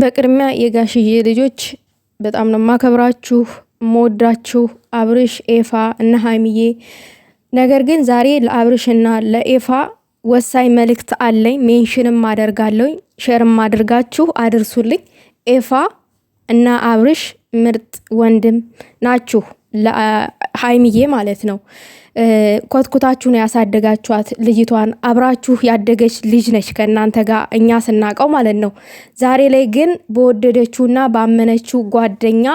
በቅድሚያ የጋሽዬ ልጆች በጣም ነው ማከብራችሁ፣ ሞወዳችሁ አብርሽ፣ ኤፋ እና ሀይሚዬ። ነገር ግን ዛሬ ለአብርሽ እና ለኤፋ ወሳኝ መልእክት አለኝ። ሜንሽንም አደርጋለሁኝ፣ ሼርም አድርጋችሁ አድርሱልኝ። ኤፋ እና አብርሽ ምርጥ ወንድም ናችሁ፣ ለሀይሚዬ ማለት ነው። ኮትኩታችሁን ነው ያሳደጋችኋት ልጅቷን። አብራችሁ ያደገች ልጅ ነች ከእናንተ ጋር እኛ ስናቀው ማለት ነው። ዛሬ ላይ ግን በወደደችውና ባመነችው ጓደኛ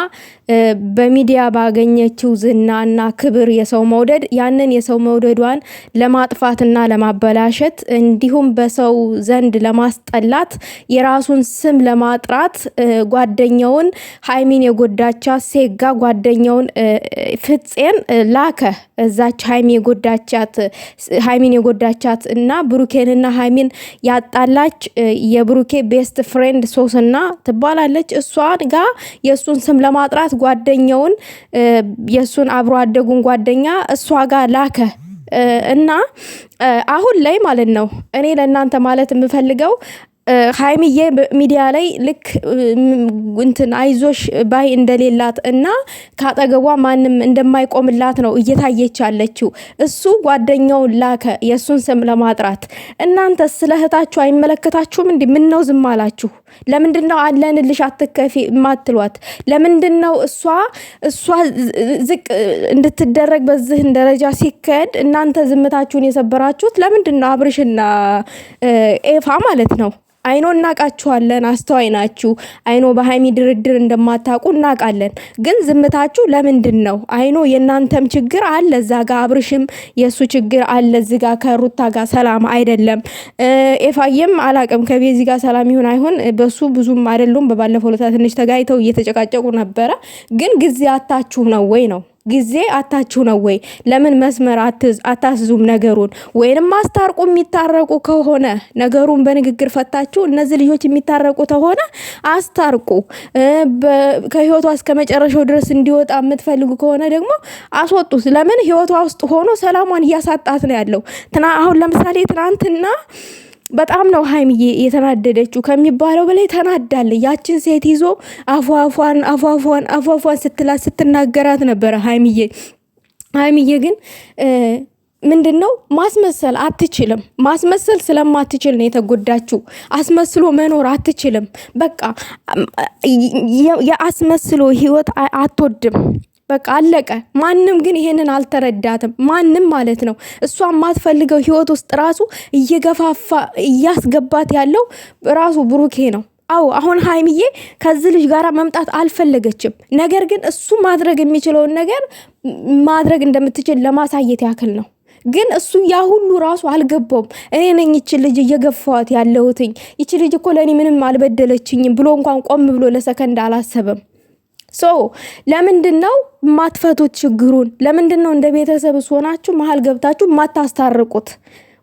በሚዲያ ባገኘችው ዝናና ክብር የሰው መውደድ ያንን የሰው መውደዷን ለማጥፋትና ለማበላሸት እንዲሁም በሰው ዘንድ ለማስጠላት የራሱን ስም ለማጥራት ጓደኛውን ሃይሚን የጎዳቻ ሴጋ ጓደኛውን ፍፄን ላከ እዛች ሀይሚ የጎዳቻት ሀይሚን የጎዳቻት እና ብሩኬንና ሀይሚን ያጣላች የብሩኬ ቤስት ፍሬንድ ሶስና ትባላለች። እሷን ጋ የእሱን ስም ለማጥራት ጓደኛውን የእሱን አብሮ አደጉን ጓደኛ እሷ ጋር ላከ እና አሁን ላይ ማለት ነው እኔ ለእናንተ ማለት የምፈልገው ሀይሚዬ ሚዲያ ላይ ልክ እንትን አይዞሽ ባይ እንደሌላት እና ከአጠገቧ ማንም እንደማይቆምላት ነው እየታየች ያለችው። እሱ ጓደኛውን ላከ የእሱን ስም ለማጥራት። እናንተ ስለ እህታችሁ አይመለከታችሁም? እንዲ ምን ነው ዝም አላችሁ? ለምንድን ነው አለንልሽ አትከፊ ማትሏት? ለምንድን ነው እሷ እሷ ዝቅ እንድትደረግ በዚህን ደረጃ ሲካሄድ እናንተ ዝምታችሁን የሰበራችሁት? ለምንድን ነው አብርሽና ኤፋ ማለት ነው አይኖ እናቃችኋለን፣ አስተዋይ ናችሁ። አይኖ በሀይሚ ድርድር እንደማታውቁ እናቃለን። ግን ዝምታችሁ ለምንድን ነው? አይኖ የእናንተም ችግር አለ እዛ ጋ፣ አብርሽም የእሱ ችግር አለ እዚ ጋ፣ ከሩታ ጋር ሰላም አይደለም። ኤፋየም አላቅም ከቤዚ ጋር ሰላም ይሁን አይሁን፣ በሱ ብዙም አይደሉም። በባለፈው ለታ ትንሽ ተጋይተው እየተጨቃጨቁ ነበረ። ግን ጊዜ አታችሁ ነው ወይ ነው ጊዜ አታችሁ ነው ወይ? ለምን መስመር አታስዙም ነገሩን? ወይንም አስታርቁ። የሚታረቁ ከሆነ ነገሩን በንግግር ፈታችሁ እነዚህ ልጆች የሚታረቁ ከሆነ አስታርቁ። ከህይወቷ እስከ መጨረሻው ድረስ እንዲወጣ የምትፈልጉ ከሆነ ደግሞ አስወጡት። ለምን ህይወቷ ውስጥ ሆኖ ሰላሟን እያሳጣት ነው ያለው። አሁን ለምሳሌ ትናንትና በጣም ነው ሀይምዬ የተናደደችው ከሚባለው በላይ ተናዳለ። ያችን ሴት ይዞ አፏፏን አፏፏን አፏፏን ስትላት ስትናገራት ነበረ ሀይምዬ። ሀይምዬ ግን ምንድን ነው ማስመሰል አትችልም። ማስመሰል ስለማትችል ነው የተጎዳችው። አስመስሎ መኖር አትችልም። በቃ የአስመስሎ ህይወት አትወድም። በቃ አለቀ። ማንም ግን ይሄንን አልተረዳትም። ማንም ማለት ነው እሷ የማትፈልገው ህይወት ውስጥ ራሱ እየገፋፋ እያስገባት ያለው ራሱ ብሩኬ ነው። አዎ አሁን ሀይምዬ ከዚህ ልጅ ጋር መምጣት አልፈለገችም። ነገር ግን እሱ ማድረግ የሚችለውን ነገር ማድረግ እንደምትችል ለማሳየት ያክል ነው። ግን እሱ ያ ሁሉ ራሱ አልገባውም። እኔ ነኝ ይች ልጅ እየገፋዋት ያለሁትኝ ይች ልጅ እኮ ለእኔ ምንም አልበደለችኝም ብሎ እንኳን ቆም ብሎ ለሰከንድ አላሰበም። ሶ ለምንድን ነው የማትፈቱት ችግሩን? ለምንድን ነው እንደ ቤተሰብ ሆናችሁ መሀል ገብታችሁ ማታስታርቁት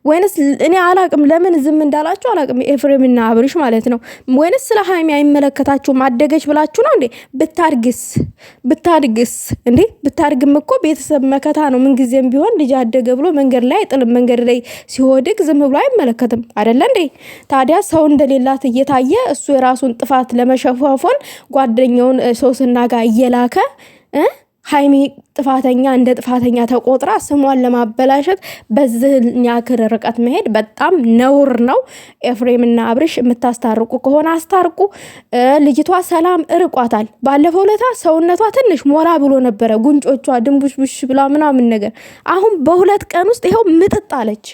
ወይንስ እኔ አላቅም፣ ለምን ዝም እንዳላችሁ አላቅም። ኤፍሬምና አብርሽ ማለት ነው። ወይንስ ስለ ሀይሚ አይመለከታችሁም? አደገች ብላችሁ ነው እንዴ? ብታድግስ ብታድግስ እንዴ? ብታድግም እኮ ቤተሰብ መከታ ነው። ምንጊዜም ቢሆን ልጅ አደገ ብሎ መንገድ ላይ አይጥልም። መንገድ ላይ ሲወድቅ ዝም ብሎ አይመለከትም። አይደለ እንዴ? ታዲያ ሰው እንደሌላት እየታየ እሱ የራሱን ጥፋት ለመሸፋፎን ጓደኛውን ሶስና ጋር እየላከ ሀይሚ ጥፋተኛ እንደ ጥፋተኛ ተቆጥራ ስሟን ለማበላሸት በዚህ ያክል ርቀት መሄድ በጣም ነውር ነው። ኤፍሬምና አብርሽ የምታስታርቁ ከሆነ አስታርቁ። ልጅቷ ሰላም እርቋታል። ባለፈው ለታ ሰውነቷ ትንሽ ሞላ ብሎ ነበረ፣ ጉንጮቿ ብሽ ብላ ምናምን ነገር። አሁን በሁለት ቀን ውስጥ ይኸው ምጥጥ አለች።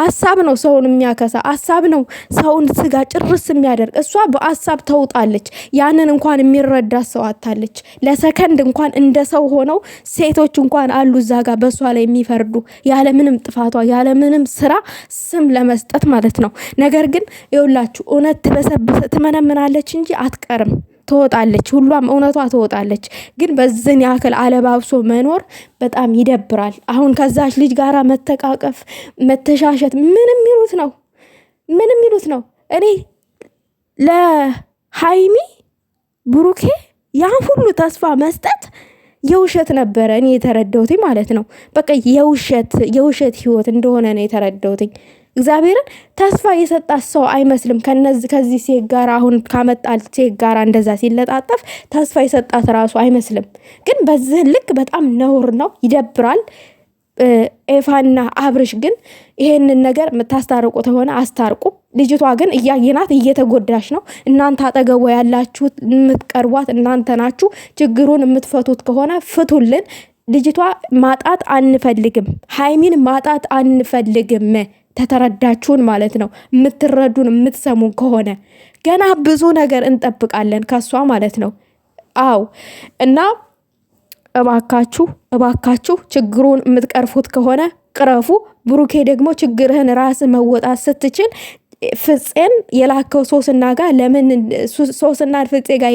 ሀሳብ ነው ሰውን የሚያከሳ፣ ሀሳብ ነው ሰውን ስጋ ጭርስ የሚያደርግ። እሷ በሀሳብ ተውጣለች። ያንን እንኳን የሚረዳ ሰው አታለች። ለሰከንድ እንኳን እንደ ሰው ሆነው ሴቶች እንኳን አሉ እዛ ጋር በእሷ ላይ የሚፈርዱ ያለምንም ጥፋቷ ያለምንም ስራ ስም ለመስጠት ማለት ነው። ነገር ግን ይውላችሁ እውነት ትበሰብስ ትመነምናለች እንጂ አትቀርም። ትወጣለች፣ ሁሏም እውነቷ ትወጣለች። ግን በዝን ያክል አለባብሶ መኖር በጣም ይደብራል። አሁን ከዛች ልጅ ጋራ መተቃቀፍ፣ መተሻሸት ምንም ይሉት ነው ምንም ይሉት ነው። እኔ ለሀይሚ ብሩኬ ያን ሁሉ ተስፋ መስጠት የውሸት ነበረ። እኔ የተረዳሁትኝ ማለት ነው። በቃ የውሸት የውሸት ህይወት እንደሆነ ነው የተረዳሁትኝ። እግዚአብሔርን ተስፋ የሰጣት ሰው አይመስልም። ከነዚህ ከዚህ ሴት ጋር አሁን ካመጣል ሴት ጋር እንደዛ ሲለጣጠፍ ተስፋ የሰጣት ራሱ አይመስልም። ግን በዚህ ልክ በጣም ነውር ነው፣ ይደብራል። ኤፋና አብርሽ ግን ይሄንን ነገር የምታስታርቁ ተሆነ አስታርቁ። ልጅቷ ግን እያየናት እየተጎዳች ነው። እናንተ አጠገቧ ያላችሁት የምትቀርቧት እናንተ ናችሁ። ችግሩን የምትፈቱት ከሆነ ፍቱልን። ልጅቷ ማጣት አንፈልግም፣ ሀይሚን ማጣት አንፈልግም። ተተረዳችሁን ማለት ነው። የምትረዱን የምትሰሙን ከሆነ ገና ብዙ ነገር እንጠብቃለን ከሷ ማለት ነው። አው እና እባካችሁ እባካችሁ ችግሩን የምትቀርፉት ከሆነ ቅረፉ። ብሩኬ ደግሞ ችግርህን ራስ መወጣት ስትችል ፍፄን የላከው ሶስና ጋር ለምን ሶስና ፍፄ ጋር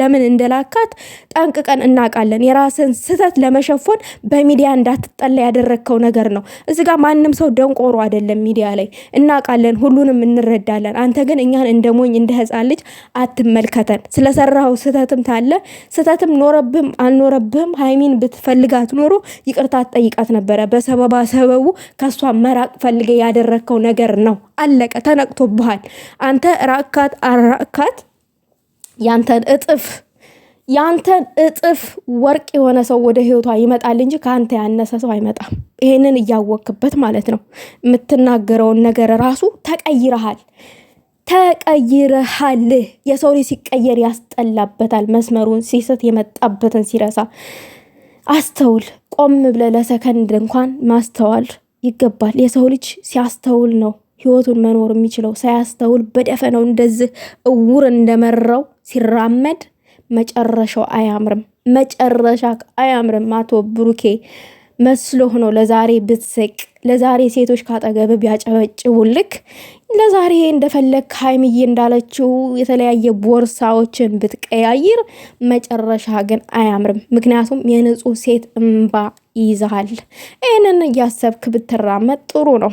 ለምን እንደላካት ጠንቅቀን እናውቃለን። የራስን ስህተት ለመሸፎን በሚዲያ እንዳትጠላ ያደረግከው ነገር ነው። እዚ ጋር ማንም ሰው ደንቆሮ አይደለም። ሚዲያ ላይ እናውቃለን፣ ሁሉንም እንረዳለን። አንተ ግን እኛን እንደ ሞኝ እንደ ህፃን ልጅ አትመልከተን። ስለሰራኸው ስህተትም ታለ ስህተትም ኖረብህም አልኖረብህም ሀይሚን ብትፈልጋት ኖሮ ይቅርታ ጠይቃት ነበረ። በሰበባ ሰበቡ ከእሷ መራቅ ፈልገ ያደረግከው ነገር ነው። አለቀ። ነቅቶብሃል። አንተ ራካት አራካት ያንተን እጥፍ ያንተን እጥፍ ወርቅ የሆነ ሰው ወደ ህይወቷ ይመጣል እንጂ ከአንተ ያነሰ ሰው አይመጣም። ይሄንን እያወክበት ማለት ነው። የምትናገረውን ነገር ራሱ ተቀይረሃል ተቀይረሃል። የሰው ልጅ ሲቀየር ያስጠላበታል። መስመሩን ሲስት የመጣበትን ሲረሳ አስተውል። ቆም ብለህ ለሰከንድ እንኳን ማስተዋል ይገባል። የሰው ልጅ ሲያስተውል ነው ህይወቱን መኖር የሚችለው ሳያስተውል በደፈነው እንደዚህ እውር እንደመራው ሲራመድ መጨረሻው አያምርም። መጨረሻ አያምርም። አቶ ብሩኬ መስሎህ ነው ለዛሬ ብትስቅ፣ ለዛሬ ሴቶች ካጠገብ ቢያጨበጭቡልክ፣ ለዛሬ እንደፈለግ ሀይምዬ እንዳለችው የተለያየ ቦርሳዎችን ብትቀያይር፣ መጨረሻ ግን አያምርም። ምክንያቱም የንጹህ ሴት እምባ ይይዛል። ይህንን እያሰብክ ብትራመድ ጥሩ ነው።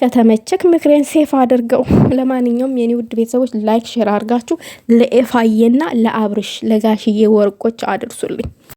ከተመቸክ ምክሬን ሴፍ አድርገው። ለማንኛውም የኔ ውድ ቤተሰቦች ላይክ፣ ሼር አድርጋችሁ ለኤፋዬና ለአብርሽ ለጋሽዬ ወርቆች አድርሱልኝ።